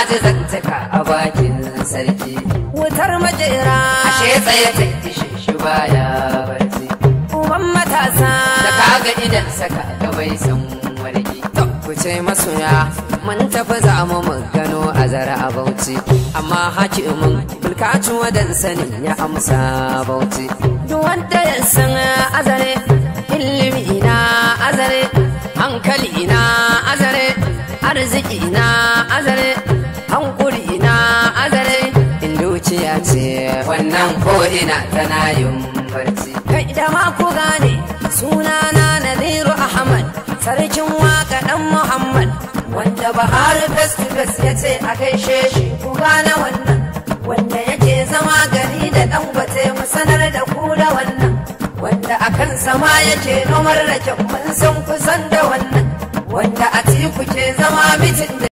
aji zantaka a bakin sarki wutar majera ashe tsaye ta ishe shi baya barci uban matasa da kaga idan saka ga bai san warki ku ce masoya mun tafi za mu gano a zara a bauchi amma hakimin bulkaci wadan sani ya amsa bauchi duk wanda ya san azare ilimi na azare hankali na azare arziki na azare zuciya ce wannan ko ina tana yin barci kai da ma ku gane sunana Nadiru Ahmad sarkin waka dan Muhammad wanda Bahar Festivus ya ce a gaishe shi ku gane wannan wanda yake zama gari da dangote mu sanar da ku da wannan wanda a kan sama yake nomar rake mun san kusan da wannan wanda a ke zama mitin